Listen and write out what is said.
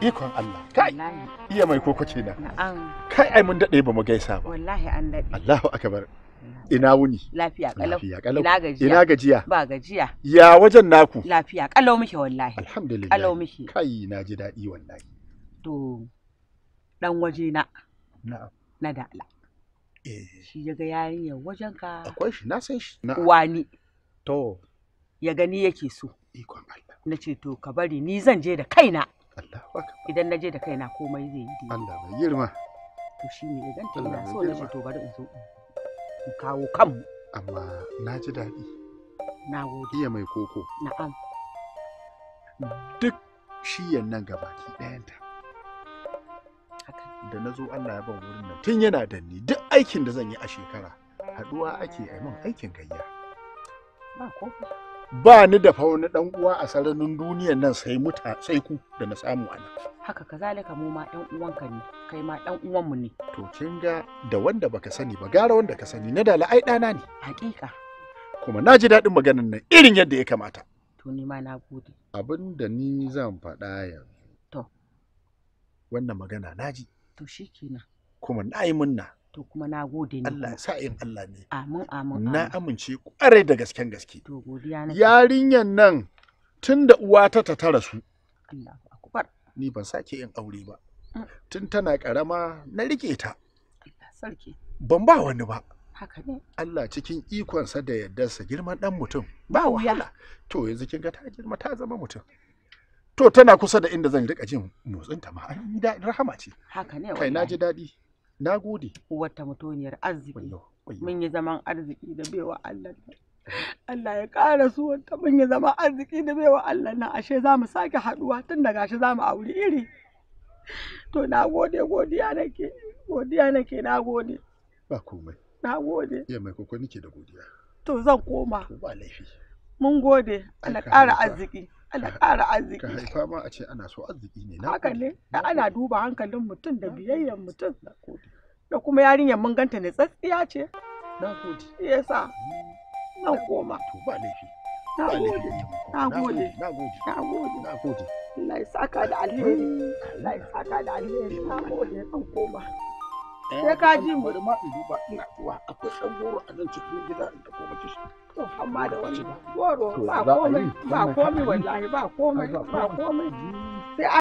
ikon Allah kai iya mai koko kenan kai ai mun dade ba mu gaisa ba wallahi an dade Allahu akbar ina wuni lafiya kalau lafiya kalau ina gajiya ina gajiya ba gajiya ya wajen naku lafiya kalau muke wallahi alhamdulillah kalau muke kai na ji dadi wallahi to dan waje na na da Allah eh shi ya ga yarinyar wajen ka akwai shi na san shi wani to ya gani yake so ikon Allah na ce to ka bari ni zan je da kaina idan na je da kaina komai zai yi Allah bai girma to shi ne idan ta ina so na ce to bari in zo in kawo kan. amma na ji daɗi na gode iya mai koko na'am duk shiyan nan gabaki ɗayanta da na zo Allah ya ban wurin nan tun yana da ni duk aikin da zan yi a shekara haɗuwa ake yi min aikin gayya ba kofi ba ni da fauni dan uwa a sararin duniyar nan sai muta sai ku da na samu ana haka kazalika mu ma ɗan uwanka ne kai ma ɗan mu ne to kin ga da wanda baka sani ba gara wanda ka sani na dala ai ɗana ne hakika kuma na ji daɗin maganar nan irin yadda ya kamata to ni ma na gode abin da ni zan faɗa yanzu to wannan magana na ji to shikenan kuma na yi munna to kuma na gode ne Allah sa yin Allah ne amin amin na amince kwarai da gasken gaske to godiya na yarinyan nan tun da uwata ta tara su Allahu akbar ni ban sake yin aure ba mm. tun tana karama na rike ta sarki ban ba wani ba haka ne Allah cikin ikonsa da yardarsa girman dan mutum ba wahala to yanzu kin ga ta girma ta zama mutum to tana kusa da inda zan rika jin motsinta ma ai rahama ce haka ne kai na ji daɗi na gode wata mutuniyar arziki mun yi zaman arziki da baiwa Allah Allah ya ƙara su wata mun yi zaman arziki da baiwa Allah na ashe za mu sake haɗuwa tun daga shi za mu auri iri to na gode godiya nake godiya nake na gode ba komai na gode ya mai koko nake da godiya to zan koma to ba laifi mun gode Allah ƙara arziki Allah ƙara arziki ka haifa ma a ce ana so arziki ne na haka ne ana duba hankalin mutum da biyayyar mutum na gode da kuma yarinyar mun ganta ne tsatsiya ce na gode shi yasa nan koma to ba laifi na gode na gode na gode na gode na gode Allah ya saka da alheri Allah ya saka da alheri na gode nan koma eh, sai ka ji mu bari ma in duba ina zuwa akwai ɗan goro a nan cikin gida in ka koma kishi to amma da wani goro ba komai ba komai wallahi ba komai ba komai